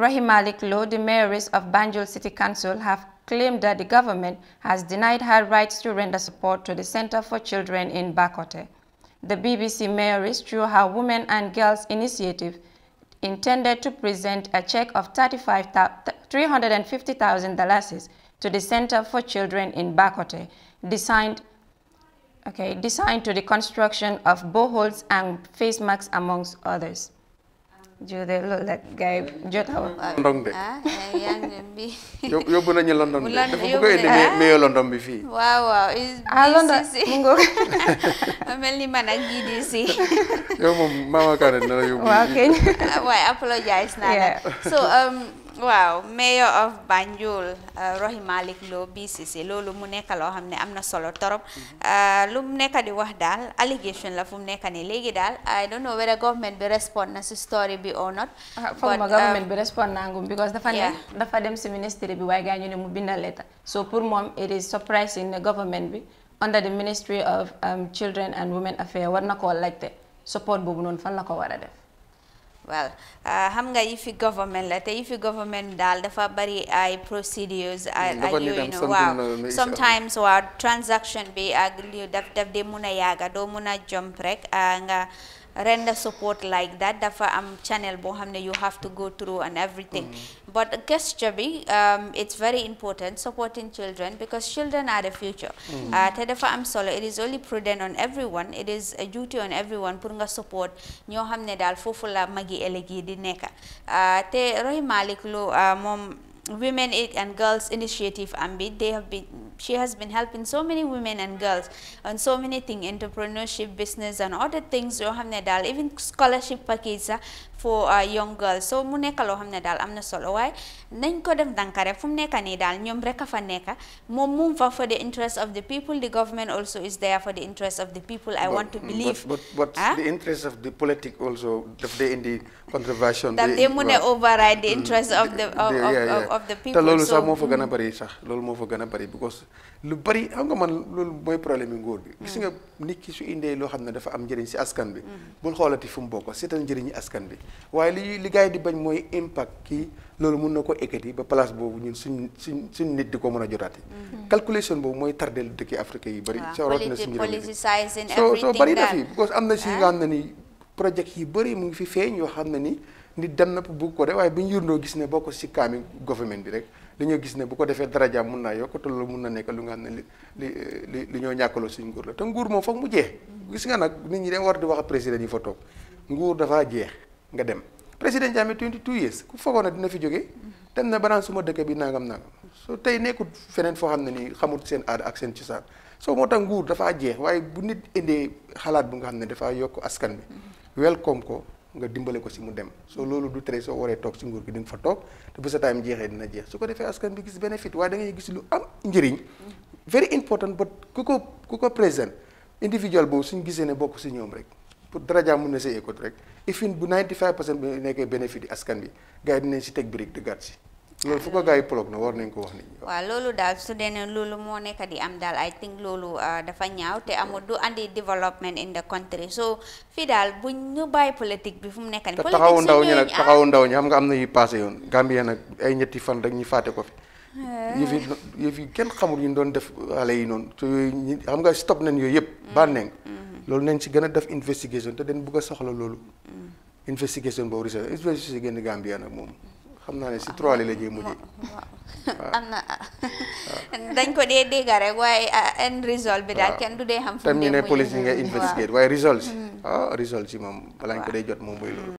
Rahimalik Low, the mayor of Banjul City Council, have claimed that the government has denied her rights to render support to the Center for Children in Bakote. The BBC mayors, through her Women and Girls Initiative, intended to present a check of $350,000 to the Center for Children in Bakote, designed, okay, designed to the construction of boreholes and face masks, amongst others. juude loolu la gars yi jot a de. ah yaa ngi bi. yóbbu nañu London de dafa bëgg a indi bi fii. waaw waaw. ah London mu ngoog. mel ni man ak gii di si. yow moom Mama Kane dina la yóbbu. waaw keñ. waaye ah, apologize naa la so. Um, Wow, mayor of Banjul uh, Rohey Malick Lowe BCC Lo mu muneka loo xam ne am solo torop uh, lu mu di wahdal, allegation la fum mu nekk nii I don't know whether government be respond na si story be or not. Uh, ma um, government be respond na angum, because dafa yeah. the dem si ministry be wai ganyo ni mu so poor mom, it is surprising the government be, under the ministry of um, children and women Affairs, What na like the support boobu noonu fan la ko wara well uh, xam nga yi government la te yi government daal dafa bari ay procedures mm, ay you know sometimes waaw transaction bi ak daf daf dee mun a yaga, doo mun jump rek ah, nga render support like that dafa am channel Bohamne, you have to go through and everything mm. but gesture bi um, it's very important supporting children because children are the future te i am solo it is only prudent on everyone it is a duty on everyone pour support ñoo xam ne magi elegi dineka. di nekk uh, te Rohey Malick uh, Women Aid and Girls Initiative am they have been she has been helping so many women and girls on so many things, entrepreneurship, business and other things yoo have ne daal even scholarship packages uh, for young girls so mu nekk have xam ne i am not solo waaye nañ ko def have rek fu mu nekk nii daal ñoom rek fa nekk moom mu fa for the interest of the people the government also is there for the interest of the people I want to believe. but but ah? the interest of the politic also daf the indi they want to override the interest of mm. the. of of the people. te loolu sax moo fa gën mm. bari sax loolu moo fa gën bari because lu bari xam nga man loolu mooy problème yi nguur bi gis nga nit ki su indee loo xam ne dafa am njëriñ si askan bi bul xoolati fu mu bokk seetal njëriñi askan bi waaye li li gars yi di bañ mooy impact kii loolu mun na ko ekkati ba place boobu ñun suñ suñ nit di ko mën a jotaati mhm. calculation boobu mooy tardé lu Afrique yi bari soo soo bari na fi because am na si nga ah. xam ne ni projet yi bari mu ngi fi feeñ yoo xam ne ni nit dem na bu ko de way bu ñu gis ne boko si kami government bi rek dañoo gis ne bu ko defé darajaam mun naa yokk te loolu mun na lu nga ne li li li ñoo ñakalo suñ nguur la te nguur mo fakk mu jeex gis nga nak nit ñi dem war di wax président yi fa tok nguur dafa jeex nga dem président jamé 22 years ku foogoon na dina fi joggé dem na banan suma dekk bi nangam so tay nekkul fenen fo xam ni xamul seen aada ak seen ciisan so mo tax nguur dafa jeex waaye bu nit indee xalaat bu nga xam dafa yok askan bi welcome ko nga dimbale ko si mu dem soo loolu du tere soo waree toog si nguur gi di nga fa toog te bu sa time jeexee dina jeex su ko defee askan bi gis bénéfice waaye da ngay gis lu am njëriñ very important but ku ko ku ko présent individual boobu suñu gisee ne bokk si ñoom rek pour daraja mun na see écoute rek ifine bu 95 pour cent bi nekkee bénéfice askan bi gars yi dinañ si teg brique de gàtt si loolu fu ko gars yi na war nañ ko wax nit ñi waaw loolu daal su dee ne loolu moo nekk di am daal I think loolu uh, dafa ñaaw te amul du andi développement in the country so fii daal bu ñu bàyyi politique bi fu mu nekk nii. politique taxawu ndaw ñi nag taxawu ndaw ñi xam nga am na yu passé yoon Gambie nag ay ñetti fan rek ñu fàtte ko fi. Eh. yëf yi yëf yi kenn xamul ñu doon def xale yi noonu te yooyu xam nga stop nañ yooyu yëpp. Mm-hmm. bànneen mm-hmm. loolu nañ ci gën a def investigation te dañ bëgg a soxla loolu. Mm. investigation boobu recherche investigation Gambie nag moom. xam naa ne si trois li la jee mujj am na dañ ko dee dégg rek waaye ah, end result bi daal kenn du dee xam. fu mu tam ñu ne police yi nga investigate waaye result si hmm. ah result moom balaa ñu ko dee jot moom mooy loolu.